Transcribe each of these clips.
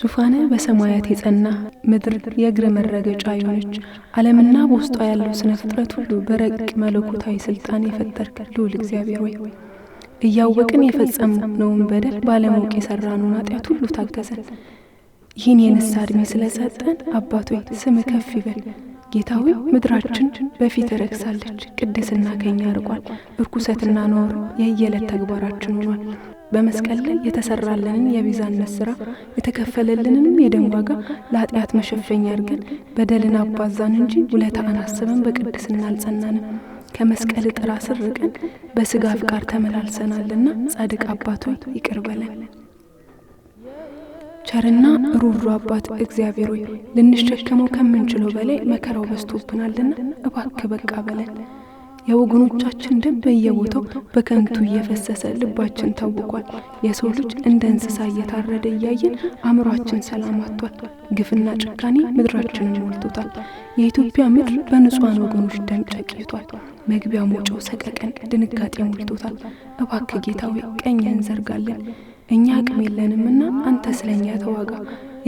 ዙፋነ በሰማያት የጸና ምድር የእግር መረገጫ የሆነች ዓለምና በውስጧ ያለው ስነ ፍጥረት ሁሉ በረቅ መለኮታዊ ስልጣን የፈጠርክ ልዑል እግዚአብሔር ወይ እያወቅን የፈጸምነውን በደል ባለማወቅ የሰራነውን ኃጢአት ሁሉ ታገዘን። ይህን የንስሐ ዕድሜ ስለሰጠን አባት ሆይ ስም ከፍ ይበል። ጌታ ሆይ ምድራችን በፊት ረክሳለች፣ ቅድስና ከኛ ርቋል፣ እርኩሰትና ኖር የየዕለት ተግባራችን ሆኗል። በመስቀል ላይ የተሰራልንን የቤዛነት ስራ የተከፈለልንንም የደም ዋጋ ለኃጢአት መሸፈኛ አድርገን በደልን አባዛን እንጂ ውለታ አናስበን በቅድስና አልጸናንም። ከመስቀል ጥራ ስር ርቀን በስጋ ፍቃድ ተመላልሰናልና ጻድቅ አባት ሆይ ይቅር በለን። ቸርና ሩሩ አባት እግዚአብሔር ሆይ ልንሸከመው ከምንችለው በላይ መከራው በዝቶብናልና እባክ በቃ በለን። የወገኖቻችን ደም በየቦታው በከንቱ እየፈሰሰ ልባችን ታውቋል። የሰው ልጅ እንደ እንስሳ እየታረደ እያየን አእምሯችን ሰላም አጥቷል። ግፍና ጭካኔ ምድራችንን ሞልቶታል። የኢትዮጵያ ምድር በንጹሐን ወገኖች ደም ጨቅይቷል። መግቢያ መውጫው ሰቀቀን፣ ድንጋጤ ሞልቶታል። እባክ ጌታዊ ቀኝ እንዘርጋለን እኛ አቅም የለንምና አንተ ስለኛ ተዋጋ።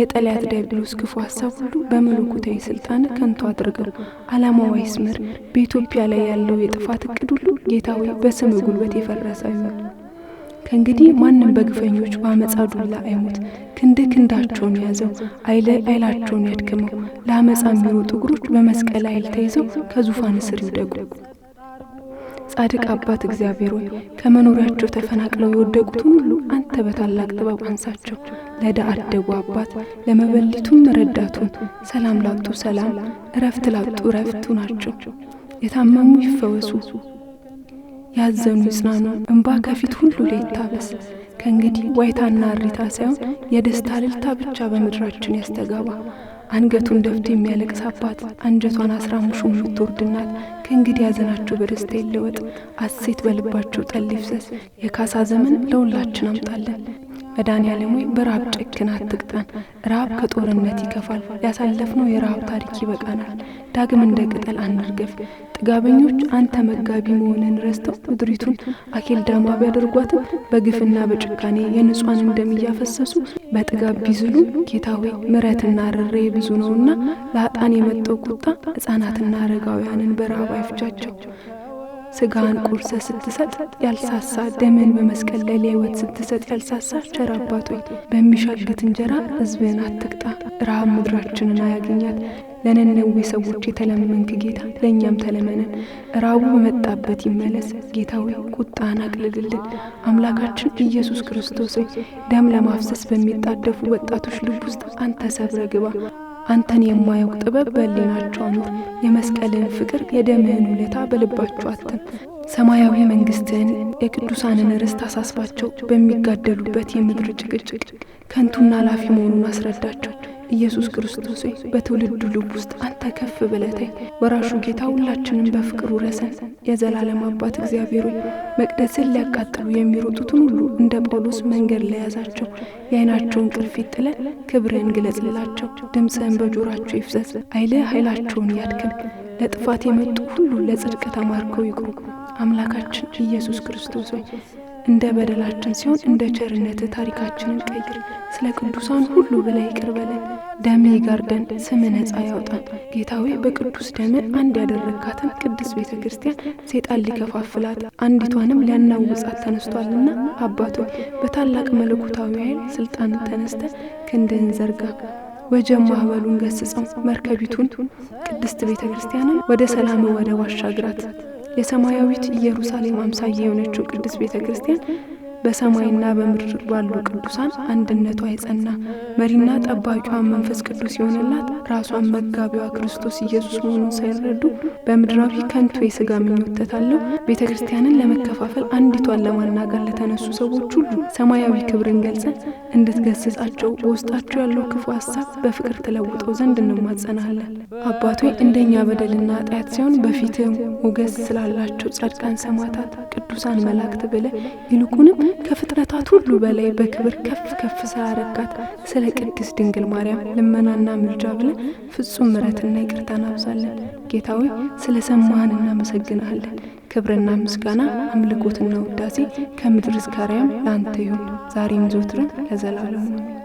የጠላት ዲያብሎስ ክፉ ሀሳብ ሁሉ በመለኮታዊ ስልጣን ከንቱ አድርገው ዓላማው አይስምር። በኢትዮጵያ ላይ ያለው የጥፋት እቅድ ሁሉ ጌታዊ በስም ጉልበት የፈረሰ ይሁን። ከእንግዲህ ማንም በግፈኞች በአመፃ ዱላ አይሞት። ክንድ ክንዳቸውን ያዘው፣ አይለ አይላቸውን ያድክመው። ለአመፃ የሚሮጡ እግሮች በመስቀል አይል ተይዘው ከዙፋን ስር ይውደቁ። ጻድቅ አባት እግዚአብሔር ሆይ ከመኖሪያቸው ተፈናቅለው የወደቁትን ሁሉ አንተ በታላቅ ጥበብ አንሳቸው። ለዳ አደጉ አባት ለመበሊቱም ረዳቱን ሰላም ላጡ ሰላም፣ እረፍት ላጡ እረፍቱ ናቸው። የታመሙ ይፈወሱ፣ ያዘኑ ይጽናኑ። እንባ ከፊት ሁሉ ላይ ይታበስ። ከእንግዲህ ዋይታና እሪታ ሳይሆን የደስታ ልልታ ብቻ በምድራችን ያስተጋባ። አንገቱን ደፍቶ የሚያለቅስ አባት አንጀቷን አስራ ሙሹ የምትወርድናት ከእንግዲህ ያዘናችሁ በደስታ ይለወጥ፣ አሴት በልባቸው ጠል ይፍሰስ። የካሳ ዘመን ለሁላችን አምጣለን። መድኃኔዓለም ሆይ በረሃብ ጭክን አትቅጠን። ረሃብ ከጦርነት ይከፋል። ያሳለፍነው የረሃብ ታሪክ ይበቃናል። ዳግም እንደ ቅጠል አንርገፍ። ጥጋበኞች አንተ መጋቢ መሆንን ረስተው ምድሪቱን አኬል ዳማ ቢያደርጓትም በግፍና በጭካኔ እንደም እያፈሰሱ በጥጋብ ቢዝሉ ጌታ ሆይ ምረትና ርሬ ብዙ ነውና ለአጣን የመጣው ቁጣ ሕፃናትና አረጋውያንን በረሃብ አይፍጃቸው። ስጋን ቁርሰ ስትሰጥ ያልሳሳ ደምን በመስቀል ላይ ለሕይወት ስትሰጥ ያልሳሳ ቸር አባቶይ በሚሻልበት እንጀራ ህዝብን አትቅጣ። ረሃብ ምድራችንን አያገኛት። ለነነዌ ሰዎች የተለመንክ ጌታ ለእኛም ተለመነን። ራቡ በመጣበት ይመለስ ጌታዊ፣ ቁጣን አቅልልልን። አምላካችን ኢየሱስ ክርስቶስ ደም ለማፍሰስ በሚጣደፉ ወጣቶች ልብ ውስጥ አንተ ሰብረ ግባ። አንተን የማያውቅ ጥበብ በሕሊናቸው አኑር። ፍቅር የደምህን ውለታ በልባቸው አትም። ሰማያዊ መንግስትን የቅዱሳንን ርስት አሳስባቸው። በሚጋደሉበት የምድር ጭቅጭቅ ከንቱና ላፊ መሆኑን አስረዳቸው። ኢየሱስ ክርስቶስ በትውልዱ ልብ ውስጥ አንተ ከፍ ብለታይ ወራሹ ጌታ ሁላችንም በፍቅሩ ረሰን የዘላለም አባት እግዚአብሔር መቅደስን ሊያቃጥሉ የሚሮጡትን ሁሉ እንደ ጳውሎስ መንገድ ለያዛቸው የአይናቸውን የዓይናቸውን ቅርፊት ጥለ ክብርህን ግለጽላቸው። ድምፅህን በጆራቸው ይፍዘዝ አይለ ኃይላቸውን ያድክም። ለጥፋት የመጡ ሁሉ ለጽድቅ ተማርከው ይቁሩ። አምላካችን ኢየሱስ ክርስቶስ እንደ በደላችን ሲሆን እንደ ቸርነት ታሪካችንን ቀይር። ስለ ቅዱሳን ሁሉ ብለህ ይቅር በለን። ደሜ ጋርደን፣ ስም ነጻ ያውጣን። ጌታዊ በቅዱስ ደም አንድ ያደረካትን ቅድስት ቤተ ክርስቲያን ሴጣን ሊከፋፍላት አንዲቷንም ሊያናውጻት ተነስቷልና አባቶ በታላቅ መለኮታዊ ኃይል ስልጣን ተነስተ ክንድህን ዘርጋ ወጀብ ማህበሉን ገስጸው መርከቢቱን ቅድስት ቤተ ክርስቲያንን ወደ ሰላም ወደብ አሻግራት። የሰማያዊት ኢየሩሳሌም አምሳያ የሆነችው ቅድስት ቤተ ክርስቲያን በሰማይና በምድር ባሉ ቅዱሳን አንድነቷ የጸና መሪና ጠባቂዋን መንፈስ ቅዱስ የሆነላት ራሷን መጋቢዋ ክርስቶስ ኢየሱስ መሆኑን ሳይረዱ በምድራዊ ከንቱ የስጋ ምኞት ቤተ ክርስቲያንን ለመከፋፈል አንዲቷን ለማናገር ለተነሱ ሰዎች ሁሉ ሰማያዊ ክብርን ገልጸን እንድትገስጻቸው በውስጣቸው ያለው ክፉ ሀሳብ በፍቅር ትለውጠው ዘንድ እንማጸናለን። አባቶ እንደኛ በደልና ኃጢአት ሲሆን በፊትህ ሞገስ ስላላቸው ጻድቃን ሰማዕታት፣ ቅዱሳን መላእክት ብለ ይልቁንም ከፍጥረታት ሁሉ በላይ በክብር ከፍ ከፍ ሳያረጋት ስለ ቅድስት ድንግል ማርያም ልመናና ምልጃ ብለን ፍጹም ምረትና ይቅርታ እናብዛለን። ጌታዊ ስለ ሰማህን እናመሰግናለን። ክብርና ምስጋና አምልኮትና ውዳሴ ከምድር እስከ አርያም ለአንተ ይሁን ዛሬም ዘወትርም ለዘላለሙ።